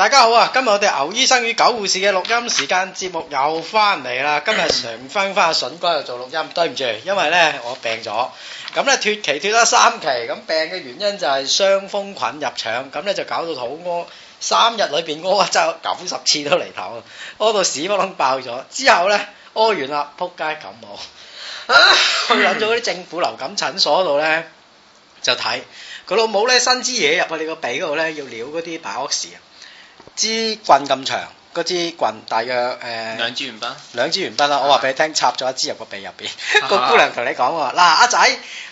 大家好啊！今日我哋牛醫生與狗護士嘅錄音時間節目又翻嚟啦！今日常翻翻阿荀哥度做錄音，對唔住，因為咧我病咗，咁咧脫期脫咗三期，咁病嘅原因就係傷風菌入腸，咁咧就搞到肚屙，三日裏邊屙真係九十次都離頭，屙到屎忽窿爆咗。之後咧屙完啦，扑街感冒，去咗嗰啲政府流感診所度咧就睇，佢老母咧伸支嘢入去你個鼻嗰度咧要撩嗰啲把屋屎。支棍咁長，嗰支棍大約誒，兩支鉛筆兩支鉛筆啦。我話俾你聽，插咗一支入個鼻入邊。 個姑娘同你講，我嗱，阿仔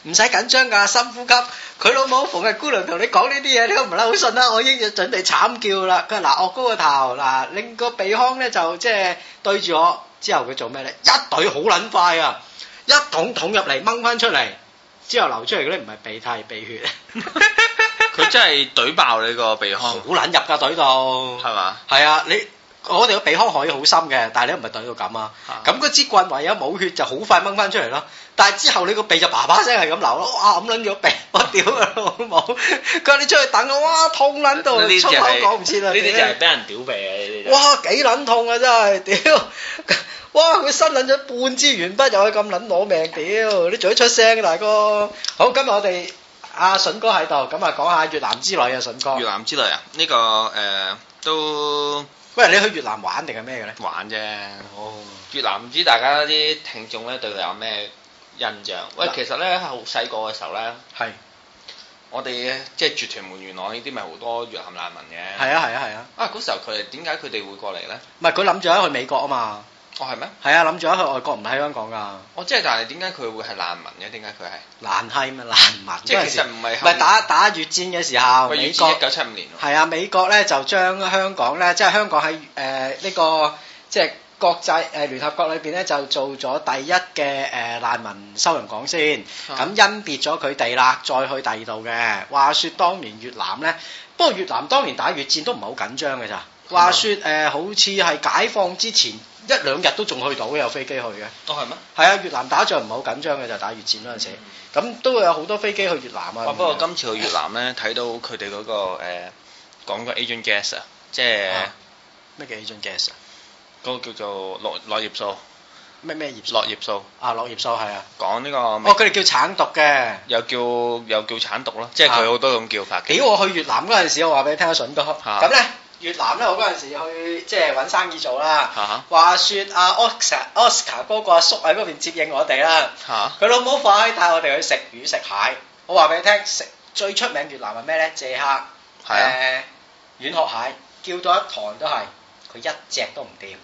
唔使緊張噶，深呼吸。佢老母逢係姑娘同你講呢啲嘢，你都唔係好信啦。我已經要準備慘叫啦。佢話嗱，我、啊、高個頭，嗱、啊，令個鼻腔咧就即係對住我。之後佢做咩咧？一懟好捻快啊！一捅捅入嚟，掹翻出嚟。之後流出嚟嗰啲唔係鼻涕，係鼻血。佢 真係懟爆你個鼻腔，好撚入噶懟到。係嘛？係吧啊，你我哋個鼻腔可以好深嘅，但係你唔係懟到咁啊。咁嗰、啊、支棍為咗冇血，就好快掹翻出嚟咯。但係之後你個鼻就叭叭聲係咁流咯，哇咁撚嘅鼻，我屌佢老母！佢話你出去等我，哇痛撚到，出口講唔切啊！呢啲就係俾人屌鼻嘅呢啲。就是、哇，幾撚痛啊！真係屌。哇！佢新捻咗半支鉛筆，又去咁捻攞命屌！你做嘴出聲，大哥。好，今日我哋阿荀哥喺度，咁啊講下越南之旅啊，荀哥。越南之旅啊？呢、這個誒、呃、都。喂，你去越南玩定係咩嘅咧？呢玩啫。哦。越南唔知大家啲聽眾咧對佢有咩印象？喂，其實咧，好細個嘅時候咧。係是。我哋即係住屯門，元朗呢啲咪好多越南難民嘅。係啊係啊係啊！啊嗰、啊啊、時候佢哋點解佢哋會過嚟咧？唔係佢諗住去美國啊嘛。哦，係咩？係啊，諗住去外國唔喺香港噶。我、哦、即係，但係點解佢會係難民嘅？點解佢係難？係咪難民？即係 時其實唔係唔係打打越戰嘅時候，美國一九七五年。係啊，美國咧就將香港咧，即係香港喺誒呢個即係國際誒、呃、聯合國裏邊咧，就做咗第一嘅誒、呃、難民收容港先。咁甄、嗯、別咗佢哋啦，再去第二度嘅話説。當年越南咧，不過越南，越南當年打越戰都唔係好緊張嘅咋。話説誒，好似係解放之前。一兩日都仲去到，有飛機去嘅。都係咩？係啊，越南打仗唔係好緊張嘅，就打越戰嗰陣時，咁都會有好多飛機去越南啊。不過今次去越南咧，睇到佢哋嗰個誒講個 Agent Gas 啊，即係咩叫 Agent Gas 啊？嗰個叫做落落葉素。咩咩葉？落葉素。啊，落葉素係啊。講呢個。哦，佢哋叫橙毒嘅。又叫又叫橙毒咯，即係佢好多種叫法嘅。咦，我去越南嗰陣時，我話俾你聽下筍哥。咁咧？越南咧，我嗰陣時去即係揾生意做啦。Uh huh. 話説阿、啊、Oscar 高高高、Oscar 嗰個阿叔喺嗰邊接應我哋啦。佢老母快帶我哋去食魚食蟹。我話俾你聽，食最出名越南係咩咧？借客誒、uh huh. 呃、軟殼蟹，叫咗一堂都係，佢一隻都唔掂。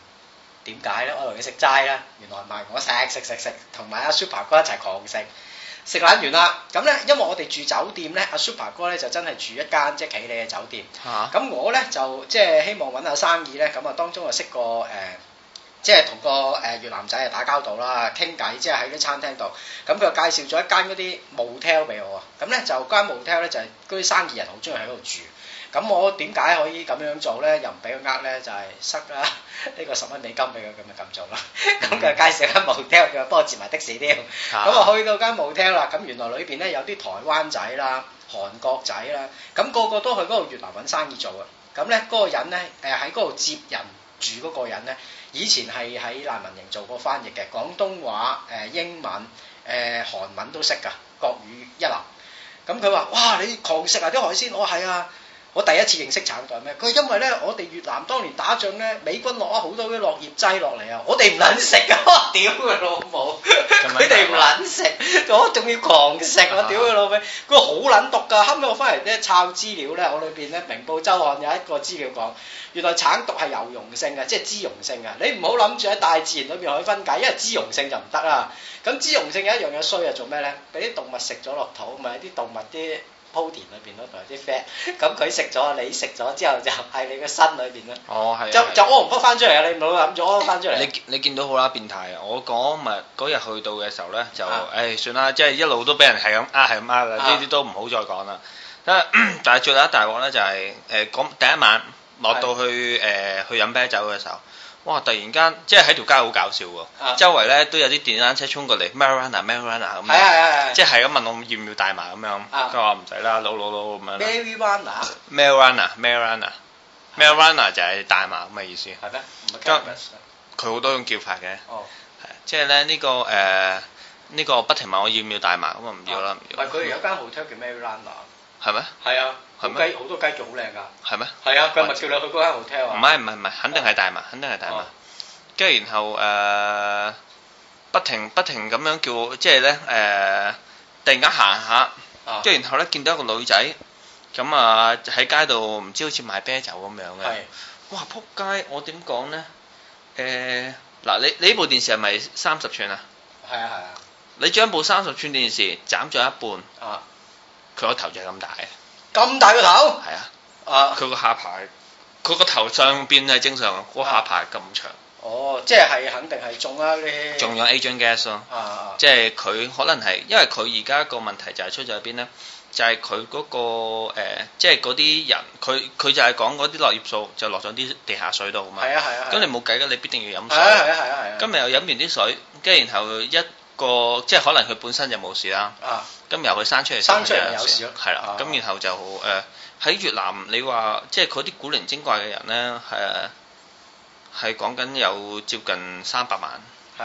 點解咧？我同你食齋啦，原來唔係我食食食食，同埋阿 Super 哥一齊狂食。食攬完啦，咁咧，因為我哋住酒店咧，阿、啊、Super 哥咧就真係住一間即係、就是、企嚟嘅酒店，咁、啊、我咧就即係、就是、希望揾下生意咧，咁啊當中就識過、呃就是、個誒，即係同個誒越南仔啊打交道啦，傾偈，即係喺啲餐廳度，咁佢介紹咗一間嗰啲舞 o t 俾我啊，咁咧就那間舞 o t 咧就係嗰啲生意人好中意喺度住。咁我點解可以咁樣做咧？又唔俾佢呃咧？就係、是、塞啊呢個十蚊美金俾佢咁樣咁做啦、mm。咁、hmm. 就 介紹間舞廳，佢又幫我接埋的士添。咁啊 Yeah. 去到間舞廳啦，咁原來裏邊咧有啲台灣仔啦、韓國仔啦，咁、那個個都去嗰度越南揾生意做啊。咁咧嗰個人咧，誒喺嗰度接人住嗰個人咧，以前係喺難民營做過翻譯嘅，廣東話、誒英文、誒韓文都識㗎，國語一流。咁佢話：哇！你狂食啊啲海鮮，我話係啊。我第一次認識橙毒係咩？佢因為咧，我哋越南當年打仗咧，美軍落咗好多啲落葉劑落嚟啊！我哋唔撚食啊！屌佢老母，佢哋唔撚食，我仲要狂食我屌佢老味！佢好撚毒㗎，後尾我翻嚟咧抄資料咧，我裏邊咧《明報周刊》有一個資料講，原來橙毒係油溶性嘅，即係脂溶性啊！你唔好諗住喺大自然裏邊可以分解，因為脂溶性就唔得啦。咁脂溶性有一樣嘢衰啊，做咩咧？俾啲動物食咗落肚，唔係啲動物啲。鋪田裏邊同埋啲 fat，咁佢食咗，你食咗之後就喺你個身裏邊啦。哦，係。就就屙唔出翻出嚟啊！你唔好諗咗，屙翻出嚟。你你見到好啦，變態啊！我講嗰日去到嘅時候咧，就誒算啦，即係一路都俾人係咁呃係咁呃啦，呢啲、啊、都唔好再講啦。但係最啦大鑊咧就係誒講第一晚落到去誒、啊、去飲、呃、啤酒嘅時候，哇！突然間即係喺條街好搞笑喎，周圍咧都有啲電單車衝過嚟，Marina Marina 咁，係係係，即係咁問我要唔要大麻咁樣，佢話唔使啦，攞攞攞咁樣。Marina r Marina Marina Marina 就係大麻咁嘅意思，係咩？佢好多種叫法嘅，係即係咧呢個誒呢個不停問我要唔要大麻，咁啊唔要啦。唔要。佢有間 hotel 叫 Marina，係咩？係啊。好雞好多雞，仲好靚噶，係咩？係啊！佢咪跳你去嗰間 hotel 啊？唔係唔係唔係，肯定係大麻，肯定係大麻。跟住然後誒，不停不停咁樣叫，即係咧誒，突然間行下，跟住然後咧見到一個女仔咁啊，喺街度唔知好似賣啤酒咁樣嘅。係哇！撲街我點講咧？誒嗱，你你呢部電視係咪三十寸啊？係啊係啊！你將部三十寸電視斬咗一半，佢個頭就係咁大。咁大個頭，係啊，啊佢個下排，佢個頭上邊係正常，嗰、啊、下排咁長、啊。哦，即係係肯定係中啦，你。仲有 agent gas 咯、啊，即係佢可能係，因為佢而家個問題就係出咗喺邊咧，就係佢嗰個誒，即係嗰啲人，佢佢就係講嗰啲落葉素就落咗啲地下水度嘛。係啊係啊。咁、啊啊、Language 你冇計噶，你必定要飲水。係啊係啊係啊。今日又飲完啲水，跟住、啊啊、然後一。個即係可能佢本身就冇事啦，咁由佢生出嚟生出嚟有事咯，係啦，咁然後就誒喺、呃、越南你，你話即係嗰啲古靈精怪嘅人咧，係係講緊有接近三百萬，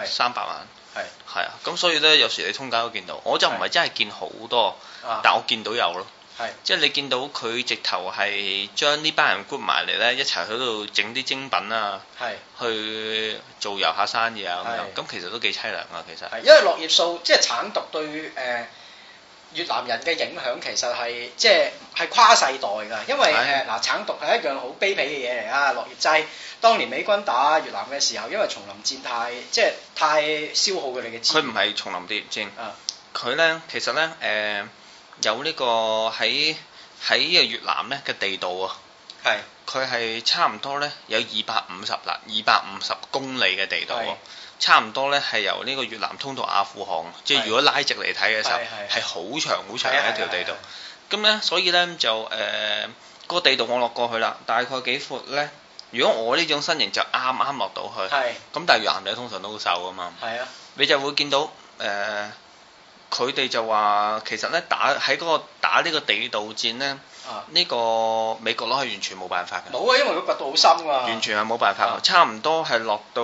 三百是萬係係啊，咁是是所以咧有時你通街都見到，我就唔係真係見好多，是但我見到有咯。係，是即係你見到佢直頭係將呢班人 group 埋嚟咧，一齊喺度整啲精品啊，係是去做遊客生意啊咁是樣，咁其實都幾凄涼啊，其實係因為落葉素即係、就是、橙毒對誒、呃、越南人嘅影響其實係即係係跨世代㗎。因為誒嗱、呃呃、橙毒係一樣好卑鄙嘅嘢嚟啊，落葉劑當年美軍打越南嘅時候，因為叢林戰太即係太消耗佢哋嘅資源，佢唔係叢林地戰㖏，佢咧、嗯、其實咧誒。呃有呢、這個喺喺嘅越南咧嘅地道啊，係佢係差唔多咧有二百五十啦二百五十公里嘅地道喎，是差唔多咧係由呢個越南通到阿富汗，是即係如果拉直嚟睇嘅時候係好長好長嘅一條地道，咁咧所以咧就誒嗰、呃那個地道我落過去啦，大概幾闊咧？如果我呢種身形就啱啱落到去，咁是但係越南仔通常都好瘦㗎嘛，是是你就會見到誒。呃佢哋就話，其實咧打喺嗰、那個打呢個地道戰咧，呢、啊這個美國佬係完全冇辦法嘅。冇啊，因為佢掘到好深㗎、啊。完全係冇辦法，啊、差唔多係落到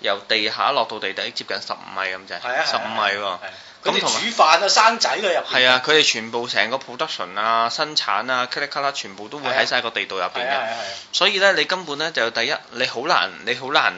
由地下落到地底接近十五米咁就係啊，十五米喎。咁同煮飯啊、生仔啊入邊，係啊！佢哋全部成個 production 啊、生產啊、卡哩卡啦，全部都會喺晒個地道入邊嘅。啊啊啊、所以咧，你根本咧就第一，你好難你好難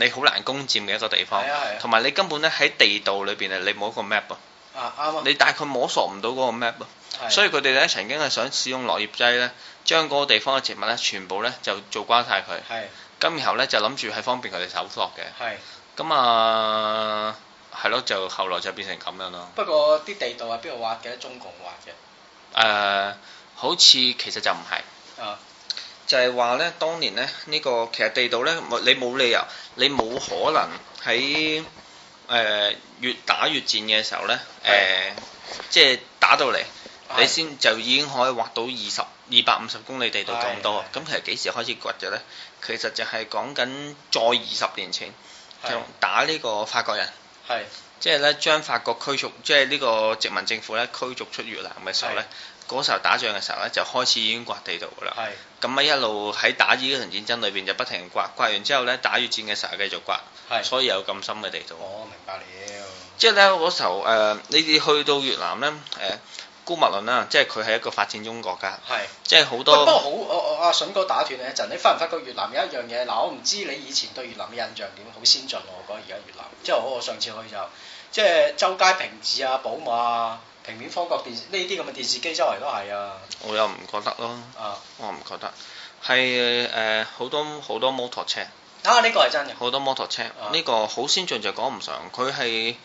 你好難攻佔嘅一個地方。啊啊、同埋你根本咧喺地道裏邊你冇一個 map 啊。啱、啊啊、你大概摸索唔到嗰個 map 啊。所以佢哋咧曾經係想使用落葉劑咧，將嗰個地方嘅植物咧全部咧就做光晒佢。係、啊。咁然後咧就諗住係方便佢哋搜索嘅。係。咁啊～係咯，就後來就變成咁樣咯。不過啲地道係邊度挖嘅？中共挖嘅。誒、呃，好似其實就唔係。啊，就係話咧，當年咧呢、呢個其實地道咧，你冇理由，你冇可能喺誒、呃、越打越戰嘅時候咧，誒即係打到嚟，的你先就已經可以挖到二十二百五十公里地道咁多。咁的其實幾時開始掘嘅咧？其實就係講緊再二十年前，就的打呢個法國人。係，是即係咧將法國驅逐，即係呢個殖民政府咧驅逐出越南嘅時候咧，嗰是時候打仗嘅時候咧就開始已經掘地道㗎喇，咁咪是一路喺打依個場戰爭裏邊就不停掘。掘完之後咧打越戰嘅時候繼續掘，是所以有咁深嘅地道。我、哦、明白了。即係咧嗰時候誒，你、呃、哋去到越南咧誒。呃孤物論啦，即係佢係一個發展中國家。係是，即係好多、哎。不過好，我我阿荀、啊、哥打斷你一陣，你發唔發覺越南有一樣嘢？嗱、啊，我唔知你以前對越南嘅印象點，好先進喎、啊，我覺得而家越南。即係我，我上次去就，即係周街平治啊，寶馬啊，平面方角電呢啲咁嘅電視機周圍都係啊。我又唔覺得咯。啊，我唔覺得。係誒，好、呃、多好多摩托車。啊，呢、這個係真嘅。好多摩托車，呢、啊、個好先進就講唔上，佢係。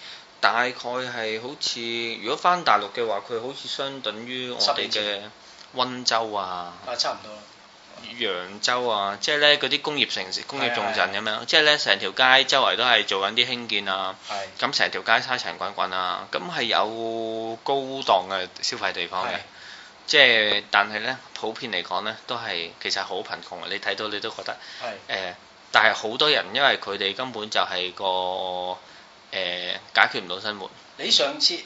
大概係好似，如果翻大陸嘅話，佢好似相等於我哋嘅溫州啊，啊，差唔多。揚州啊，即係咧嗰啲工業城市、工業重鎮咁樣，對對對對，即係咧成條街周圍都係做緊啲興建啊，係對。咁成條街沙塵滾滾啊，咁、嗯、係有高檔嘅消費地方嘅，對即係但係咧普遍嚟講咧都係其實好貧窮啊。你睇到你都覺得係對、呃。但係好多人因為佢哋根本就係個。誒解決唔到生活。你上次誒，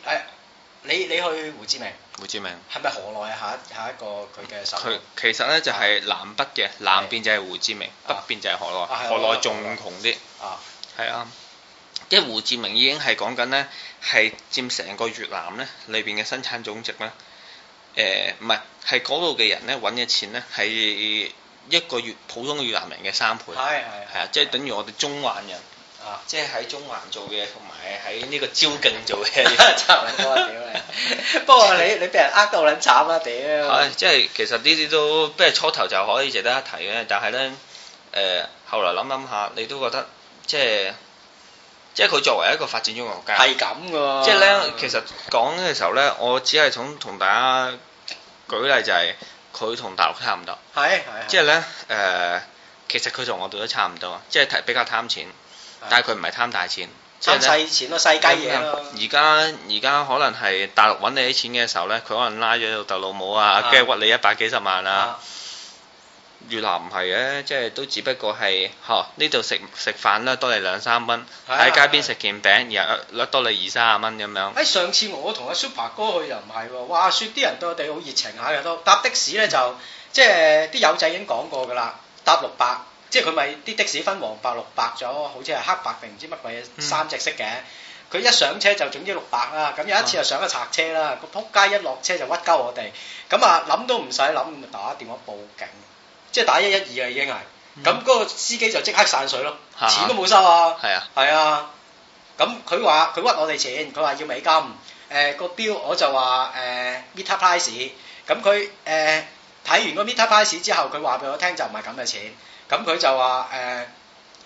你你去胡志明？胡志明係咪河內下一下一個佢嘅首。佢其實咧就係南北嘅，南邊就係胡志明，北邊就係河內，河內仲窮啲。啊，係啊，即係胡志明已經係講緊咧，係佔成個越南咧裏邊嘅生產總值啦。誒，唔係，係嗰度嘅人咧揾嘅錢咧係一個月普通嘅越南人嘅三倍。係係。係啊，即係等於我哋中環人。啊、即係喺中環做嘅，同埋喺呢個招勁做嘅，差唔多屌。 不過你你俾人呃到撚慘啊屌、係！即係其實呢啲都不如初頭就可以值得一提嘅，但係咧誒，後來諗諗下，你都覺得即係即係佢作為一個發展中國家係咁噶。即係咧，其實講嘅時候咧，我只係想同大家舉例，就係佢同大陸差唔多。係即係咧誒，其實佢同我哋都差唔多，即係睇比較貪錢。但係佢唔係貪大錢，貪細錢咯，細雞嘢咯。而家而家可能係大陸揾你啲錢嘅時候咧，佢可能拉咗老豆老母啊，跟住屈你一百幾十萬啊。越南唔係嘅，即係都只不過係呵，呢度食食飯啦，多你兩三蚊；喺街邊食件餅又掠多你二三十蚊咁樣。喺上次我同阿 Super 哥去又唔係喎，話說啲人對我哋好熱情下嘅都搭的士咧就，即係啲友仔已經講過噶啦，搭六百。即係佢咪啲的士分黃白綠白咗，好似係黑白定唔知乜鬼嘢三隻色嘅。佢一上車就總之綠白啦。咁有一次就上咗賊車啦，嗯、個撲街一落車就屈鳩我哋。咁啊諗都唔使諗，咪打電話報警，即係打一一二啊已經係。咁嗰個司機就即刻散水咯，嗯、錢都冇收啊。係啊，係啊。咁佢話佢屈我哋錢，佢話要美金。誒、呃嗰個表我就話誒、呃、meter price。咁佢誒睇完個 meter price 之後，佢話俾我聽就唔係咁嘅錢。咁佢就話誒、呃，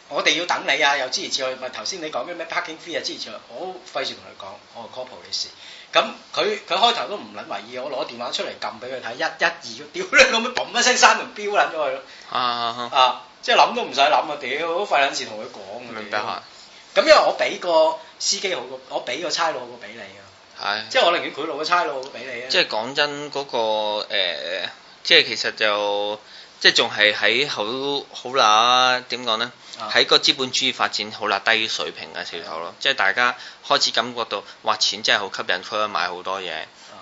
我哋要等你啊！又之前次去問頭先你講咩咩 parking fee 啊，之前次去，好費事同佢講，我 call 嘅事。咁佢佢開頭都唔捻為意，我攞電話出嚟撳俾佢睇一一二，屌你咁樣，嘣一聲閂門標撚咗去咯。啊啊，啊啊！即係諗都唔使諗啊！屌、就是，好費兩次同佢講。明白。咁因為我俾個司機好過，我俾個差佬個俾你啊。係、哎。即係我寧願佢攞、個差佬俾你啊。即係講真嗰個誒即係其實就。即係仲係喺好好嗱，點講呢？喺個資本主義發展好嗱低水平嘅時候咯，即係大家開始感覺到嘩，錢真係好吸引，可以買好多嘢，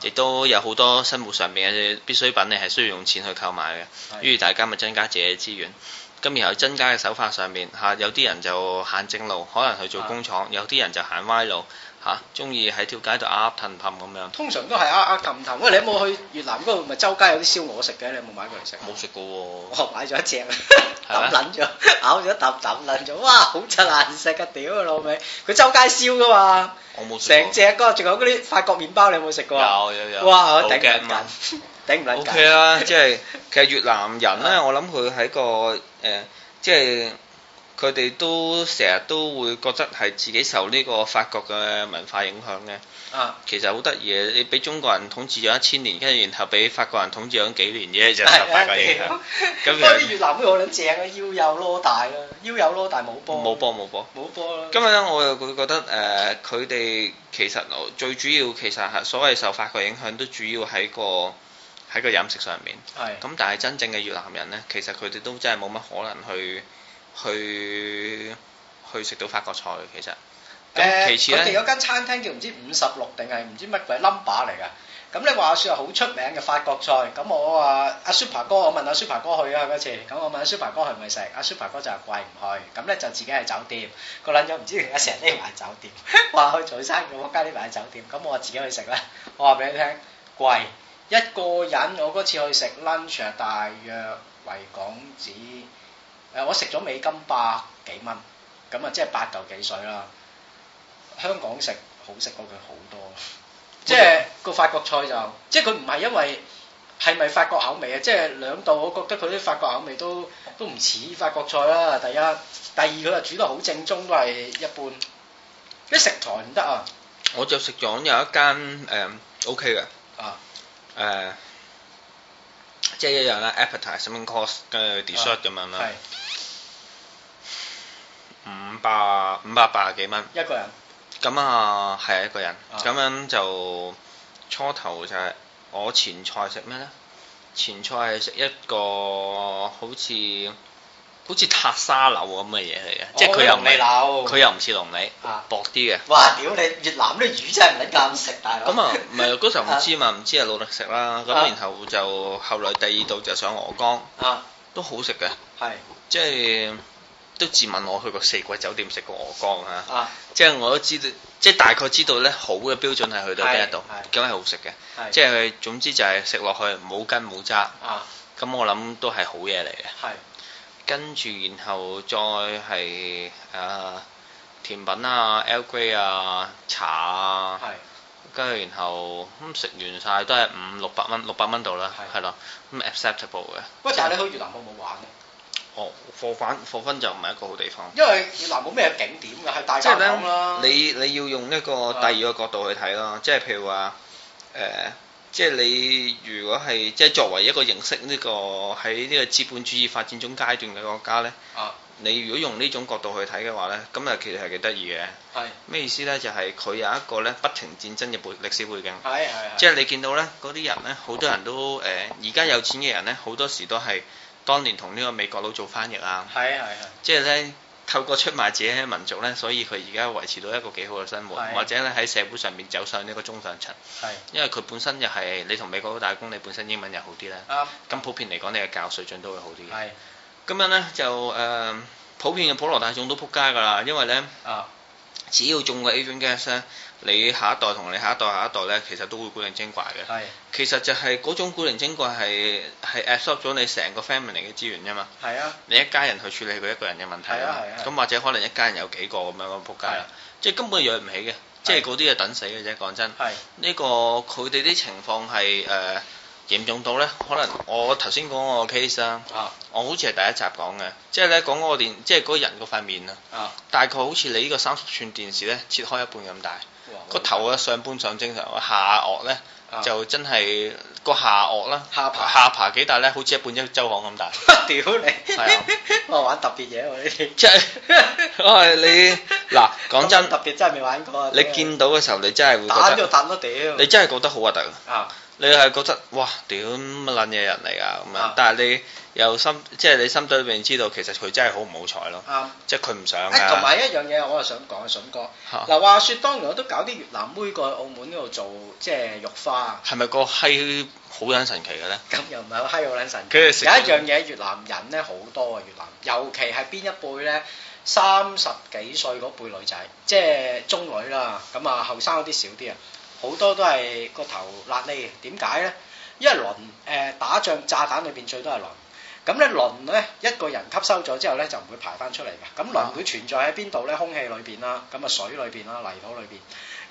亦都有好多生活上面嘅必需品，你係需要用錢去購買嘅。於是大家咪增加自己嘅資源，咁然後增加嘅手法上面，嚇，有啲人就行正路，可能去做工廠；有啲人就行歪路。嚇，中意喺條街度鴨騰騰咁樣。通常都係鴨騰騰，因為你有冇去越南嗰度？咪周街有啲燒鵝食嘅，你有冇買過嚟食？冇食過喎。我買咗一隻，抌撚咗，咬咗一啖，抌撚咗。哇，好撚難食㗎！屌老味，佢周街燒㗎嘛。我冇食。成隻嗰仲有嗰啲法國麵包，你有冇食過？有有有。哇！頂唔緊，頂唔撚緊。O K 啊，即係其實越南人咧，我諗佢喺個誒，即係。佢哋都成日都會覺得係自己受呢個法國嘅文化影響嘅，啊，其實好得意啊！你俾中國人統治咗一千年，跟住然後俾法國人統治咗幾年啫，就受法國影響。咁啊啲越南都好撚正啊，腰有咯大啦，腰有咯大，冇波冇波冇波冇波啦。今日咧，我又會覺得誒，佢、呃、哋其實最主要其實係所謂受法國影響，都主要喺個喺個飲食上面。係咁的，但係真正嘅越南人咧，其實佢哋都真係冇乜可能去。去去食到法國菜，其實，誒，我哋有間餐廳叫唔知五十六定係唔知乜鬼 number 嚟㗎，咁你話説係好出名嘅法國菜，咁我啊阿、啊、super 哥，我問阿、啊、super 哥去啊嗰次，咁我問阿、啊、super 哥去唔去食，阿、啊、super 哥就係貴唔去，咁咧就自己喺酒店，個撚樣唔知點解成日匿埋酒店，話去早餐嘅我加啲埋喺酒店，咁我自己去食咧，我話俾你聽，貴一個人我嗰次去食 lunch 係大約為港紙。誒我食咗美金百幾蚊，咁啊即係八嚿幾水啦！香港食好食過佢好多，即係個法國菜就，即係佢唔係因為係咪法國口味啊？即係兩道，我覺得佢啲法國口味都都唔似法國菜啦。第一，第二佢又煮得好正宗，都係一般。啲食材唔得啊！我就食咗有一間誒 O K 嘅啊誒、呃，即係一樣啦 appetise、main course 跟住 dessert 咁、啊、樣啦。五百五百八十幾蚊一個人，咁啊係一個人，咁樣就初頭就係我前菜食咩咧？前菜係食一個好似好似塔沙柳咁嘅嘢嚟嘅，即係佢又唔佢又唔似龍脷，薄啲嘅。哇！屌你越南啲魚真係唔使咁食大佬。咁啊，唔係嗰時候唔知嘛，唔知啊努力食啦。咁然後就後來第二度就上鵝肝，啊都好食嘅，係即係。都自問我去過四季酒店食過鵝肝啊，即係我都知道，即係大概知道咧好嘅標準係去到邊一度，咁係好食嘅，即係總之就係食落去唔冇筋冇渣，咁我諗都係好嘢嚟嘅。係，跟住然後再係誒甜品啊、L Grey 啊、茶啊，跟住然後咁食完晒都係五六百蚊、六百蚊度啦，係咯，咁 acceptable 嘅。喂，但係你去越南有冇玩？哦，貨販貨分就唔係一個好地方。因為嗱，冇咩景點嘅，係大雜燴啦。你你要用一個第二個角度去睇啦，即係譬如話，誒，即係你如果係即係作為一個認識呢個喺呢個資本主義發展中階段嘅國家咧，啊，你如果用呢種角度去睇嘅話咧，咁啊其實係幾得意嘅。係咩意思咧？就係佢有一個咧不停戰爭嘅背歷史背景。係係。即係你見到咧嗰啲人咧，好多人都誒，而家有錢嘅人咧，好多時都係。當年同呢個美國佬做翻譯啊，係啊係啊，即係咧透過出賣自己嘅民族咧，所以佢而家維持到一個幾好嘅生活，的或者咧喺社會上面走上呢個中上層，係的，因為佢本身又、就、係、是、你同美國佬打工，你本身英文又好啲咧，咁、啊、普遍嚟講，你嘅教育水準都會好啲嘅，係的，咁樣咧就誒、呃、普遍嘅普羅大眾都撲街㗎啦，因為咧啊，只要中過 Agent Gas 咧。你下一代同你下一代下一代咧，其實都會古靈精怪嘅。係的，其實就係嗰種古靈精怪係係 absorbed 咗你成個 family 嘅資源啫嘛。係啊的，你一家人去處理佢一個人嘅問題啊嘛。咁或者可能一家人有幾個咁樣咁仆街，的即係根本養唔起嘅，的即係嗰啲啊等死嘅啫。講真，係呢的、這個佢哋啲情況係誒嚴重到咧，可能我頭先講個 case 啊，啊我好似係第一集講嘅，即係咧講個電即係個人嗰塊面啊，啊大概好似你呢個三十寸電視咧切開一半咁大。個頭啊上半上正常，下顎咧、啊、就真係個下顎啦，下巴下巴巴幾大咧，好似一半一周刊咁大。屌 你！我、啊 哦、玩特別嘢、啊，我呢啲即係我你嗱，講 真的特別真係未玩過、啊，你見到嘅時候我你真係會覺得打就你真係覺得好核突啊！啊你係覺得哇，屌乜撚嘢人嚟啊咁樣，但係你又心即係你心底裏面知道，其實佢真係好唔好彩咯，啊、即係佢唔想同、啊、埋一樣嘢，啊、我又想講啊，荀哥，嗱話説，當年我都搞啲越南妹過去澳門嗰度做，即、就、係、是、玉花。係咪個閪好撚神奇嘅咧？咁又唔係好閪好撚神奇。佢有一樣嘢，越南人咧好多啊，越南，尤其係邊一輩咧？三十幾歲嗰輩女仔，即係中女啦，咁啊後生嗰啲少啲啊。好多都係個頭瘌痢，點解咧？因為磷誒、呃、打仗炸彈裏邊最多係磷，咁咧磷咧一個人吸收咗之後咧就唔會排翻出嚟嘅。咁磷佢存在喺邊度咧？空氣裏邊啦，咁啊水裏邊啦，泥土裏邊。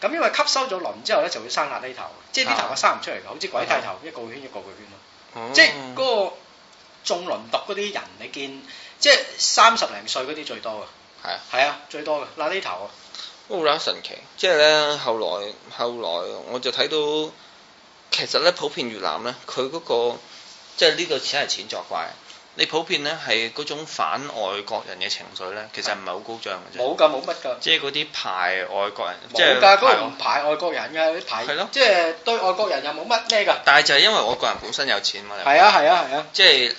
咁因為吸收咗磷之後咧就會生瘌痢頭，即係啲頭佢生唔出嚟嘅，好似鬼剃頭的一個圈一個一個圈咯。嗯、即係嗰個中磷毒嗰啲人，你見即係三十零歲嗰啲最多嘅，係啊的，係啊，最多嘅瘌痢頭啊！哦、神奇！即係咧，後來後來，我就睇到，其實咧，普遍越南咧，佢嗰、嗰個即係呢個錢係錢作怪。你普遍咧係嗰種反外國人嘅情緒咧，其實唔係好高漲嘅啫。冇噶的，冇乜噶。即係嗰啲排外國人，冇噶的，嗰個唔排外國人嘅，排即係對外國人又冇乜咩噶。但係就係因為外國人本身有錢嘛，係啊的，係啊，係啊，即係。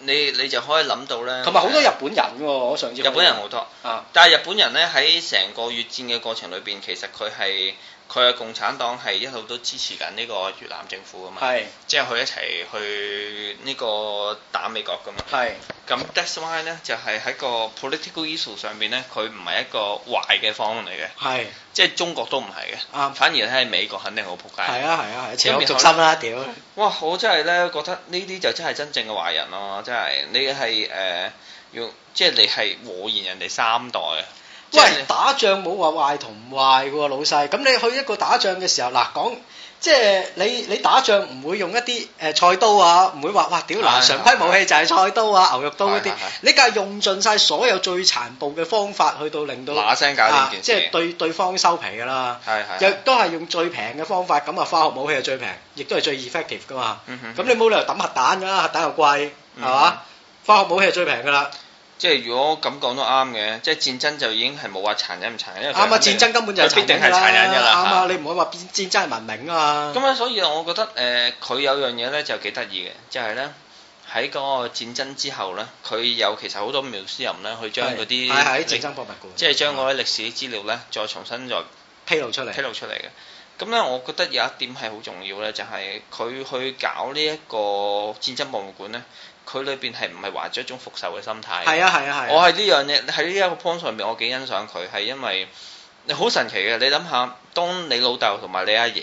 你你就可以諗到咧，同埋好多日本人喎，我上次我日本人好多，啊，但係日本人咧喺成個越戰嘅過程裏邊，其實佢係。佢嘅共產黨係一路都支持緊呢個越南政府噶嘛是，即係佢一齊去呢個打美國噶嘛是。咁 that's why 咧，就係、是、喺個 political issue 上邊咧，佢唔係一個壞嘅方面嚟嘅。係是，即係中國都唔係嘅，啊、反而咧喺美國肯定好仆街。係啊係啊係，前、啊啊、後續啦屌！哇、啊啊啊！我真係咧覺得呢啲就真係真正嘅壞人咯，真係你係誒、呃，要即係你係禍延人哋三代。喂，打仗冇話壞同唔壞嘅喎，老細。咁你去一個打仗嘅時候，嗱講，即係你你打仗唔會用一啲誒菜刀啊，唔會話哇，屌嗱，常規武器就係菜刀啊、牛肉刀嗰啲，你梗係用盡曬所有最殘暴嘅方法去到令到，喇喇聲搞呢件，即係對對方收皮嘅啦。係係，亦都係用最平嘅方法，咁啊化學武器係最平，亦都係最 effective 嘅嘛。嗯哼，咁你冇理由抌核彈㗎，核彈又貴，係嘛？化學武器係最平嘅啦。即係如果咁講都啱嘅，即係戰爭就已經係冇話殘忍唔殘忍。啱啊，戰爭根本就必定係殘忍啦。啱啊，啊你唔可以話戰爭係文明啊。咁咧、嗯，所以啊，我覺得誒，佢、呃、有樣嘢咧就幾得意嘅，就係咧喺個戰爭之後咧，佢有其實好多 museum 咧，去將嗰啲係係啲戰爭博物館，即係將嗰啲歷史資料咧再重新再披露出嚟。披露出嚟嘅。咁、嗯、咧、嗯，我覺得有一點係好重要咧，就係、是、佢去搞呢一個戰爭博物館咧。佢裏邊係唔係懷住一種復仇嘅心態？係啊係啊係、啊！我係呢樣嘢喺呢一個 point 上面，我幾欣賞佢，係因為你好神奇嘅。你諗下，當你老豆同埋你阿爺，爺，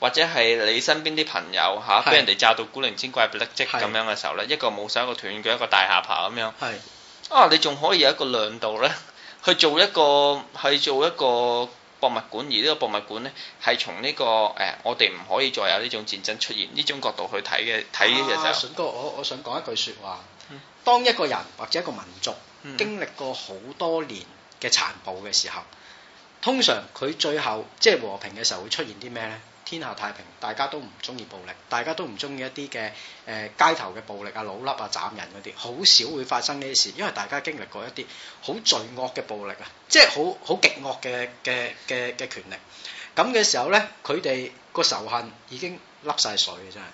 或者係你身邊啲朋友吓，俾、啊、人哋炸到古靈精怪、不甩即咁樣嘅時候呢、啊、一個冇手，一個斷腳，一個大下巴咁樣，啊，啊！你仲可以有一個亮度呢，去做一個係做一個。博物館，而呢個博物館呢，係從呢個誒、呃，我哋唔可以再有呢種戰爭出現呢種角度去睇嘅睇嘅嘢就係。荀哥，我我想講一句説話，當一個人或者一個民族經歷過好多年嘅殘暴嘅時候，通常佢最後即係、就是、和平嘅時候會出現啲咩呢？天下太平，大家都唔中意暴力，大家都唔中意一啲嘅誒街頭嘅暴力啊、老笠啊、斬人嗰啲，好少會發生呢啲事，因為大家經歷過一啲好罪惡嘅暴力啊，即係好好極惡嘅嘅嘅嘅權力，咁嘅時候咧，佢哋個仇恨已經甩晒水嘅真係，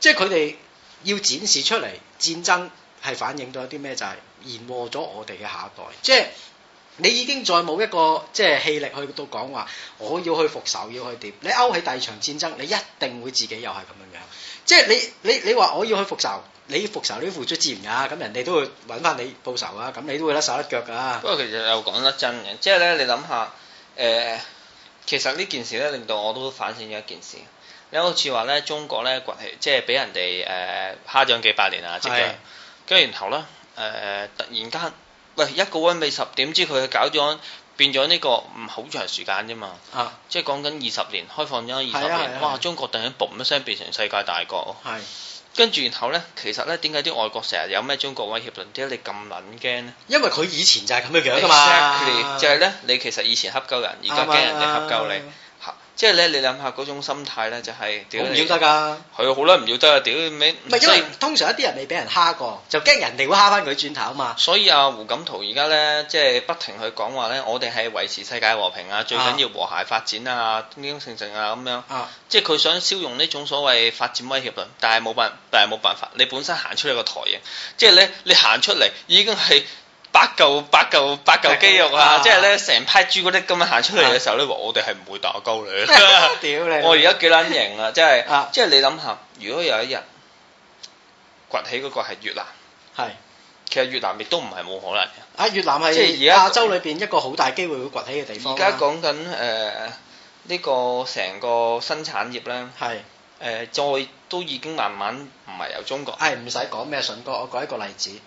即係佢哋要展示出嚟戰爭係反映到一啲咩就係延禍咗我哋嘅下一代，即係。你已經再冇一個即係氣力去到講話，我要去復仇，要去點？你勾起第二場戰爭，你一定會自己又係咁樣樣。即係你你你話我要去復仇，你復仇你都付出資源㗎，咁人哋都會揾翻你報仇啊，咁你都會甩手甩腳㗎。不過其實又講得真嘅，即係咧你諗下，誒、呃、其實呢件事咧令到我都反省咗一件事。你好似話咧，中國咧崛起，即係俾人哋誒蝦咗幾百年啊，係。跟住然後咧，誒、呃、突然間。喂，一個溫未十點，知佢搞咗變咗呢、這個唔好長時間啫嘛，啊、即係講緊二十年開放咗二十年，啊啊、哇！中國突然間嘣一聲變成世界大國，係、啊、跟住然後咧，其實咧點解啲外國成日有咩中國威脅論？點解你咁撚驚咧？因為佢以前就係咁樣樣噶嘛，Exactly，啊、就係咧，你其實以前恰鳩人，而、啊、家驚人哋恰鳩你。啊啊啊啊即係咧，你諗下嗰種心態咧，就係、是、唔、嗯、說要得㗎。係啊，好啦，唔要得啊！屌你唔係不用因為通常一啲人未俾人蝦過，就驚人哋會蝦翻佢轉頭啊嘛。所以阿、啊、胡錦濤而家咧，即係不停去講話咧，我哋係維持世界和平啊，最緊要和諧發展啊，寧靜靜啊咁樣、啊。啊，即係佢想消融呢種所謂發展威脅論，但係冇辦，但係冇辦法，你本身行出嚟個台型，即係咧，你行出嚟已經係。八嚿八嚿八嚿肌肉啊！即係咧，成批朱古力咁樣行出嚟嘅時候咧，我哋係唔會打鳩你。屌你！我而家幾撚型啊！即係，即係你諗下，如果有一日崛起嗰個係越南，係，其實越南亦都唔係冇可能嘅。啊，越南係即係而家亞洲裏邊一個好大機會會崛起嘅地方。而家講緊誒呢個成個生產業咧，係誒再都已經慢慢唔係由中國。哎，唔使講咩荀哥，我舉一個例子。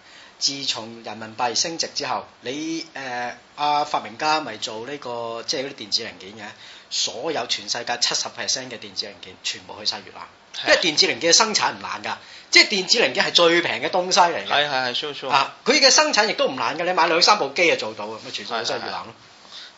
自從人民幣升值之後，你誒阿、呃啊、發明家咪做呢、呢個即係嗰啲電子零件嘅，所有全世界七十 percent 嘅電子零件全部去晒越南，因為電子零件生產唔難㗎，即係電子零件係最平嘅東西嚟嘅，係係係佢嘅生產亦都唔難㗎，你買兩三部機啊做到㗎，咪全部去晒越南咯，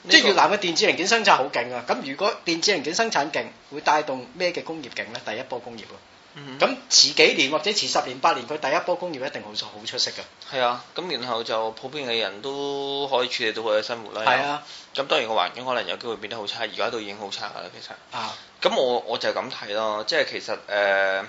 即係越南嘅電子零件生產好勁啊，咁如果電子零件生產勁，會帶動咩嘅工業勁咧？第一波工業啊！咁遲、mm hmm. 幾年或者遲十年八年，佢第一波工業一定好好出色嘅。係啊，咁然後就普遍嘅人都可以處理到佢嘅生活啦。係啊，咁當然個環境可能有機會變得好差，而家都已經好差啦，其實。啊，咁我我就係咁睇咯，即係其實誒、呃，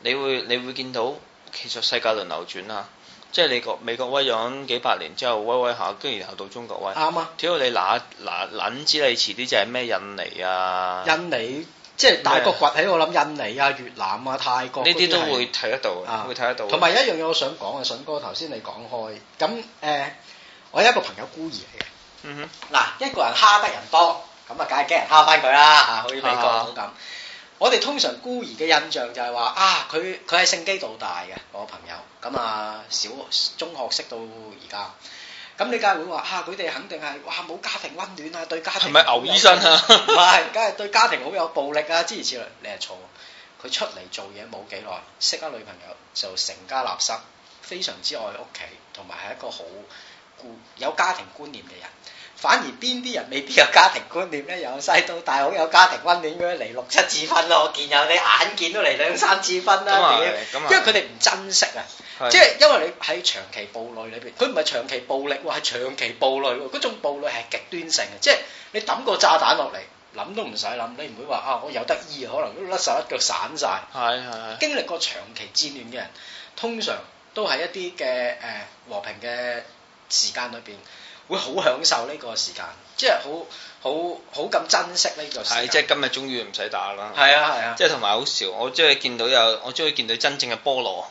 你會你會見到其實世界輪流轉啊。即係你國美國威咗幾百年之後，威威下，跟然後到中國威。啱啊、嗯！屌你嗱嗱撚知你遲啲就係咩印尼啊？印尼。即係大國崛起，我諗印尼啊、越南啊、泰國，呢啲都會睇得到，啊、會睇得到。同埋一樣嘢我想講啊，荀哥頭先你講開，咁誒、呃，我有一個朋友孤兒嚟嘅，嗱、嗯、哼一個人蝦得人多，咁啊梗係驚人蝦翻佢啦嚇，好似美國咁。我哋通常孤兒嘅印象就係、是、話啊，佢佢係性基度大嘅我朋友，咁啊小中學識到而家。咁你梗係會話啊！佢哋肯定係哇冇家庭温暖啊，對家庭係咪牛醫生啊？唔係，梗 係 對家庭好有暴力啊！諸如此類你係錯。佢出嚟做嘢冇幾耐，識咗女朋友就成家立室，非常之愛屋企，同埋係一個好顧有家庭觀念嘅人。反而邊啲人未必有家庭觀念咧？由細到大好有家庭溫暖噉樣嚟六七次婚咯，我見有你眼見都嚟兩三次婚啦。因為佢哋唔珍惜啊，即係因為你喺長期暴亂裏邊，佢唔係長期暴力喎，係長期暴亂喎。嗰種暴亂係極端性嘅，即係你抌個炸彈落嚟，諗都唔使諗，你唔會話啊，我有得意，可能甩手甩腳散晒。係係係。經歷過長期戰亂嘅人，通常都係一啲嘅誒和平嘅時間裏邊。會好、哎、享受呢個時間，即係好好好咁珍惜呢個時間。係即係今日終於唔使打啦。係啊係啊！啊即係同埋好笑，我終於見到有，我終於見到真正嘅菠蘿。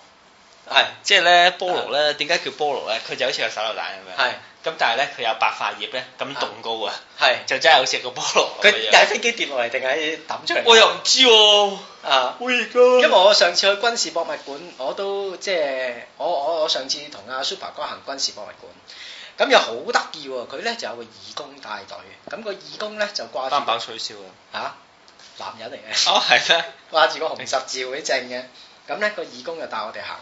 係、啊、即係咧，菠蘿咧點解叫菠蘿咧？佢就好似個手榴彈咁樣。係是。咁但係咧，佢有白塊葉咧，咁棟高啊。係就真係好似個菠蘿。佢係飛機跌落嚟定係抌出嚟？我又唔知喎、啊。啊會㗎。熱因為我上次去軍事博物館，我都即係我我我上次同阿 Super 哥行軍事博物館。咁又好得意喎！佢咧就有個義工帶隊，咁、那個義工咧就掛住攤取消簫、啊、男人嚟嘅。哦，係咧，掛住個紅十字會證嘅，咁、那、咧個義工就帶我哋行，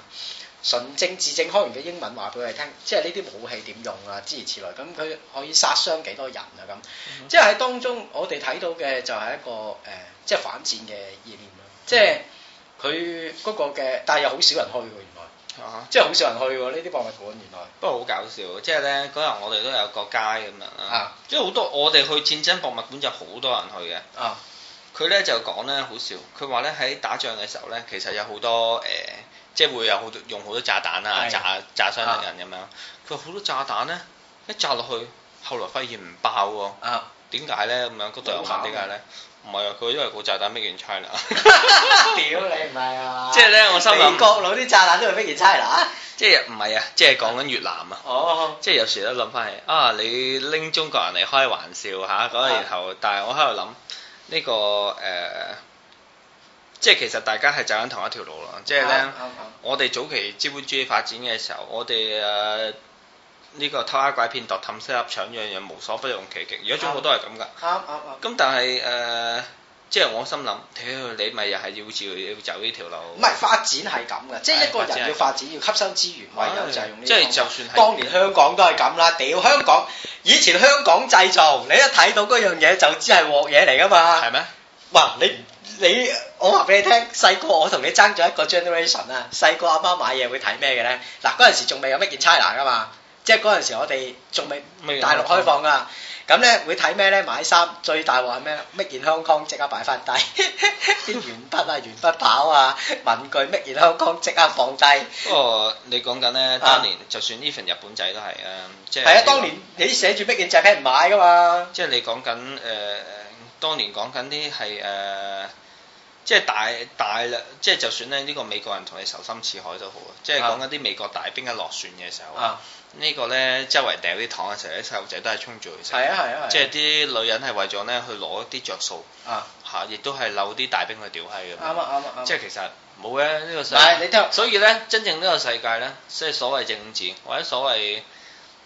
純正字正腔圓嘅英文話俾我哋聽，即係呢啲武器點用啊，諸如此類。咁佢可以殺傷幾多人啊？咁、嗯嗯、即係喺當中我哋睇到嘅就係一個誒、呃，即係反戰嘅意念咯。即係佢嗰個嘅，但係又好少人開喎，原來。啊、即係好少人去喎，呢啲博物館原來。不過好搞笑，即係咧嗰日我哋都有個街咁樣啊。即係好多我哋去戰爭博物館就好多人去嘅。啊！佢咧就講咧好笑，佢話咧喺打仗嘅時候咧，其實有好多誒、呃，即係會有好多用好多炸彈啊，的炸炸傷人咁樣。佢話好多炸彈咧，一炸落去，後來發現唔爆喎。啊！點解咧？咁樣個導遊問點解咧？唔係啊！佢因為個炸彈 made in China，屌 你唔係啊！即係咧，我心諗美國啲炸彈都係 made in China，即係唔係啊！即係講緊越南啊！哦、啊，啊啊、即係有時都諗翻起啊！你拎中國人嚟開玩笑嚇，咁、啊、然，然後，啊、但係我喺度諗呢個誒、呃，即係其實大家係走緊同一條路咯。即係咧，啊啊啊、我哋早期資本主義發展嘅時候，我哋誒。啊呢個偷啊、拐騙、奪、氹、塞、合搶，樣嘢，無所不用其極。而家中國都係咁噶。啱啱啱。咁但係誒，即係我心諗，屌、哎、你咪又係要照要走呢條路。唔係發展係咁嘅，對即係一個人要發展要吸收資源，唯有就係用呢。即係、哎就係、就算係。當年香港都係咁啦，屌香港以前香港製造，你一睇到嗰樣嘢就知係鑊嘢嚟噶嘛。係咩嗎？哇！你、嗯、你我話俾你聽，細個我同你爭咗一個 generation 啊！細個阿媽買嘢會睇咩嘅咧？嗱，嗰陣時仲未有乜件 China 噶嘛。即係嗰陣時，我哋仲未大陸開放,呢呢放 啊！咁咧會睇咩咧？買衫最大鑊係咩？Made in Hong Kong 即刻擺翻低，圓筆啊、圓筆跑啊、文具 Made in Hong Kong 即刻放低。不過、哦、你講緊咧，當年、啊、就算呢份日本仔都係啊，即係。係、呃、啊，當年你寫住 Made in Japan 就俾人買噶嘛？即係你講緊誒，當年講緊啲係誒，即係大大啦！即係就算咧，呢個美國人同你仇心似海都好啊！即係講緊啲美國大兵一落船嘅時候啊。呢個咧，周圍掉啲糖嘅時候，啲細路仔都係衝住去食。係啊係啊，即係啲女人係為咗咧去攞啲着數。啊。嚇！亦都係漏啲大兵去屌閪嘅。啱啊，啱啱。即係其實冇嘅呢個世界。你所以咧，真正呢個世界咧，即係所謂政治或者所謂，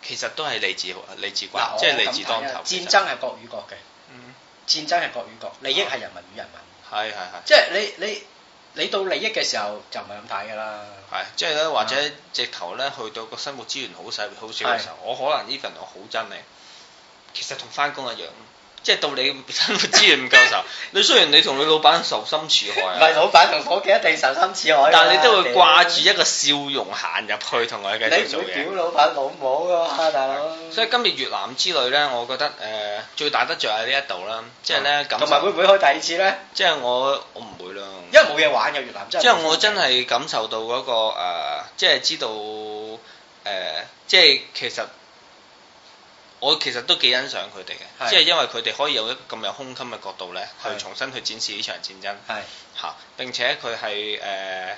其實都係利字利字關，即係利字當頭。戰爭係國與國嘅。嗯。戰爭係國與國，利益係人民與人民。係係係。即係你你。你到利益嘅時候就唔係咁大㗎啦，係即係咧，或者直頭咧，去到個生活資源好細好少嘅時候，的我可能呢份我好憎嘅，其實同翻工一樣。即係到你生活資源唔夠受，你雖然你同你老闆仇心似海，唔係 老闆同夥計一定仇心似海，但係你都會掛住一個笑容行入去同佢繼續做嘢。你會屌老闆老母噶大佬？啊的啊、所以今日越南之旅咧，我覺得誒、呃、最大得著係呢一度啦，即係咧、啊、感同受埋會唔會去第二次咧？即係我我唔會啦，因為冇嘢玩嘅越南真。因為我真係感受到嗰、嗰個即係知道誒，即係、呃、其實。我其實都幾欣賞佢哋嘅，是的 即係因為佢哋可以有一咁有胸襟嘅角度咧，是的 去重新去展示呢場戰爭，嚇是的、啊。並且佢係誒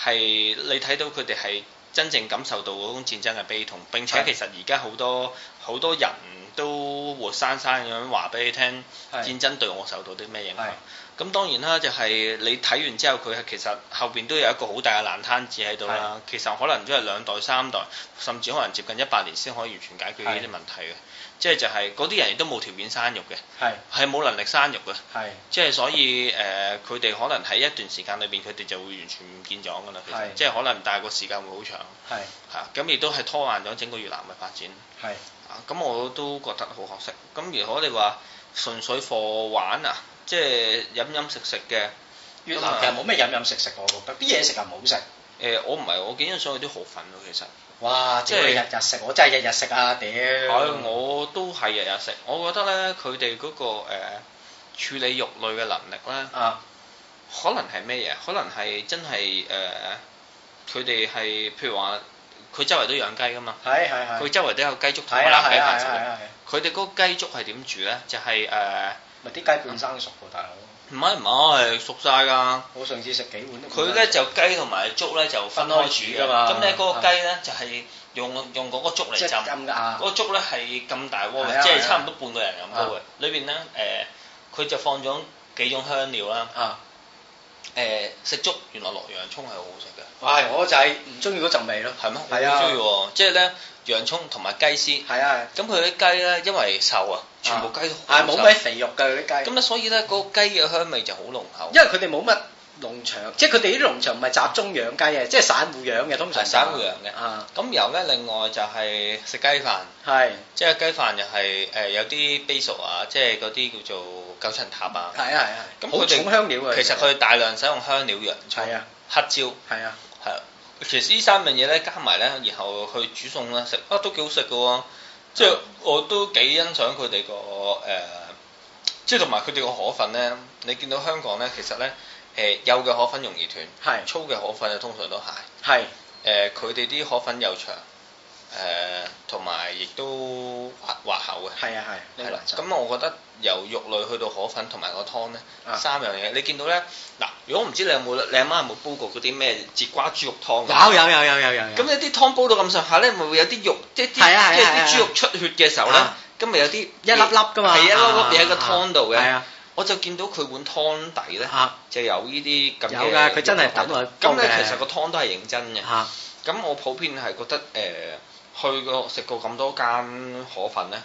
係你睇到佢哋係真正感受到嗰種戰爭嘅悲痛。並且其實而家好多好是的 多人都活生生咁樣話俾你聽，是的 戰爭對我受到啲咩影響。是的 咁當然啦，就係、是、你睇完之後，佢係其實後邊都有一個好大嘅爛攤子喺度啦。啊、其實可能都係兩代、三代，甚至可能接近一百年先可以完全解決呢啲問題嘅。啊、即係就係嗰啲人亦都冇條件生育嘅，係冇、啊、能力生育嘅。係即係所以誒，佢、呃、哋可能喺一段時間裏邊，佢哋就會完全唔見咗㗎啦。係、啊、即係可能，大係個時間會好長。係嚇咁亦都係拖慢咗整個越南嘅發展。係咁、啊啊啊啊啊、我都覺得好可惜。咁如果你話純粹貨玩啊？即係飲飲食食嘅，越南其實冇咩飲飲食食，我覺得啲嘢食係唔好食。誒，我唔係，我幾欣賞佢啲河粉咯，其實。哇！即係日日食，我真係日日食啊屌！我都係日日食。我覺得咧，佢哋嗰個誒處理肉類嘅能力咧，啊，可能係咩嘢？可能係真係誒，佢哋係譬如話，佢周圍都養雞㗎嘛，係係係。佢周圍都有雞粥頭。佢哋嗰個雞粥係點煮咧？就係誒。啲雞半生熟過、啊、大佬，唔係唔係熟晒㗎。我上次食幾碗，佢咧就雞同埋粥咧就分開煮㗎嘛。咁咧嗰個雞咧的就係用用嗰個粥嚟浸。浸㗎、啊。嗰個粥咧係咁大鍋嘅，即係的差唔多半個人咁高嘅。的裏邊咧誒，佢、呃、就放咗幾種香料啦。的誒食粥原來落洋葱係好好食嘅，我係我就係唔中意嗰陣味咯，係咩？係啊，即係咧，洋葱同埋雞絲，係啊，咁佢啲雞咧因為瘦啊，全部雞係冇咩肥肉㗎，啲雞咁啊，所以咧個雞嘅香味就好濃厚，因為佢哋冇乜。農場，即係佢哋啲農場唔係集中養雞嘅，即係散戶養嘅，通常係散戶養嘅。啊，咁由咧另外就係食雞飯，係即係雞飯又係誒有啲 basil 啊，即係嗰啲叫做九層塔啊。係啊係啊，咁好重香料嘅。其實佢大量使用香料入菜，黑椒。係啊，係啊，其實呢三樣嘢咧加埋咧，然後去煮餸啦，食啊，都幾好食㗎喎。即係我都幾欣賞佢哋個誒，即係同埋佢哋個河粉咧。你見到香港咧，其實咧。誒幼嘅河粉容易斷，係粗嘅河粉啊，通常都係。係。誒佢哋啲河粉又長，誒同埋亦都滑滑口嘅。係啊係。咁我覺得由肉類去到河粉同埋個湯咧，三樣嘢你見到咧，嗱，如果唔知你有冇你阿媽有冇煲過嗰啲咩節瓜豬肉湯？有有有有有有。咁你啲湯煲到咁上下咧，咪會有啲肉即係即係啲豬肉出血嘅時候咧，咁咪有啲一粒粒㗎嘛，係一粒粒嘢喺個湯度嘅。我就見到佢碗湯底咧，就有呢啲咁嘅，佢真係等，咁咧其實個湯都係認真嘅。咁我普遍係覺得誒，去過食過咁多間河粉咧，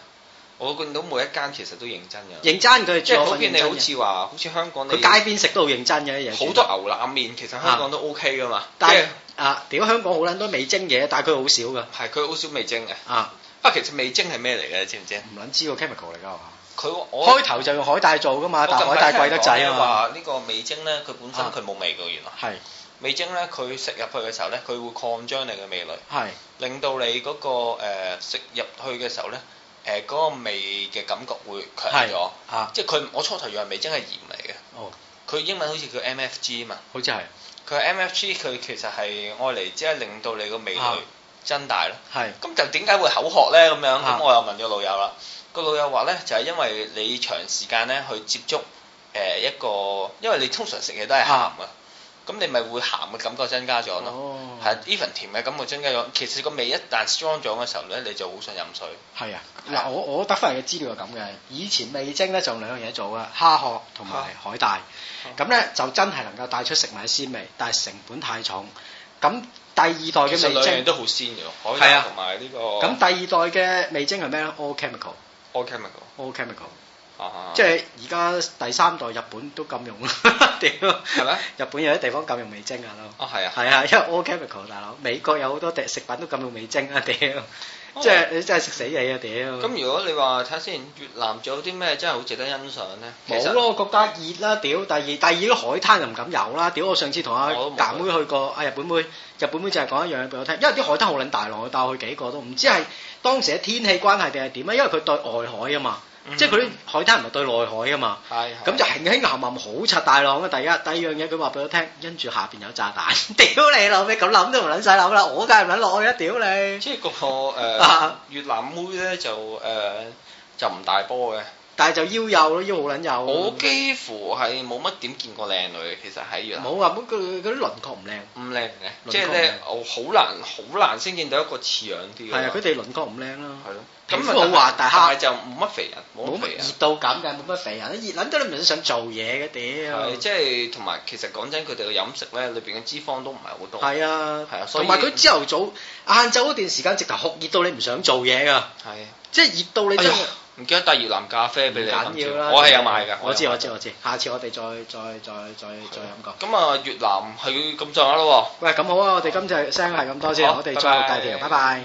我見到每一間其實都認真嘅。認真佢，即係普遍你好似話，好似香港佢街邊食都好認真嘅。好多牛腩麵其實香港都 OK 噶嘛，但係啊，點解香港好撚多味精嘢，但係佢好少㗎。係佢好少味精嘅。啊啊，其實味精係咩嚟嘅？你知唔知？唔撚知喎，chemical 嚟㗎佢我開頭就用海帶做噶嘛，但海帶貴得滯啊嘛。話呢個味精咧，佢本身佢冇味嘅原來。係。味精咧，佢食入去嘅時候咧，佢會擴張你嘅味蕾。係。令到你嗰個誒食入去嘅時候咧，誒嗰個味嘅感覺會強咗。嚇。即係佢我初頭以為味精係鹽嚟嘅。哦。佢英文好似叫 M F G 啊嘛。好似係。佢 M F G 佢其實係愛嚟即係令到你個味蕾增大咯。係。咁就點解會口渴咧？咁樣咁我又問咗老友啦。個老友話咧，就係因為你長時間咧去接觸誒一個，因為你通常食嘢都係鹹噶，咁你咪會鹹嘅感覺增加咗咯。係 even 甜嘅感覺增加咗。其實個味一旦 strong 咗嘅時候咧，你就好想飲水。係啊，嗱，我我得翻嚟嘅資料係咁嘅。以前味精咧就兩樣嘢做嘅，蝦殼同埋海帶。咁咧就真係能夠帶出食物嘅鮮味，但係成本太重。咁第二代嘅味精都好鮮嘅，海帶同埋呢個。咁第二代嘅味精係咩咧？All Chemical。All chemical，all chemical，即係而家第三代日本都禁用，屌，係咪？日本有啲地方禁用味精啊？啦。哦，係啊，係啊，因為 all chemical 大佬，美國有好多第食品都禁用味精啊屌！ 哦、即係你真係食死你啊屌！咁如果你話睇下先， 越南仲有啲咩真係好值得欣賞咧？冇咯實，我覺得熱啦屌！第二第二啲海灘又唔敢遊啦屌！我上次同阿夾妹去過，阿、啊、日本妹日本妹就係講一樣嘢俾我聽，因為啲海灘好撚大咯，帶我去幾個都唔知係當時嘅天氣關係定係點咧，因為佢對外海啊嘛。嗯、即係佢啲海灘唔係對內海啊嘛，咁的就輕輕冚冚好擦大浪啊！第一第二樣嘢，佢話俾我聽，跟住下邊有炸彈，屌你老味，咁諗都唔撚晒。諗啦，我梗係唔撚落去啦，屌 你、 那個！即係嗰個越南妹咧，就誒、呃、就唔大波嘅。但係就腰幼咯，腰好撚幼。我幾乎係冇乜點見過靚女，其實喺。冇啊，嗰嗰啲輪廓唔靚。唔靚嘅，即係咧，我好難好難先見到一個似樣啲嘅。係啊，佢哋輪廓唔靚咯。係咯。咁唔好話大黑。係就冇乜肥人，冇乜肥人。熱到咁嘅，冇乜肥人。熱撚到你唔想做嘢嘅屌。即係同埋其實講真，佢哋嘅飲食咧，裏邊嘅脂肪都唔係好多。係啊。係啊，所以。同埋佢朝頭早、晏晝嗰段時間直頭酷熱到你唔想做嘢㗎。係。即係熱到你真係。唔記得帶越南咖啡俾你，緊要啦，我係有買㗎。我知我知我知，下次我哋再再再再再飲過。咁啊，越南係咁上下囉。喂，咁好啊，我哋今次聲係咁多先，我哋再大條，拜拜。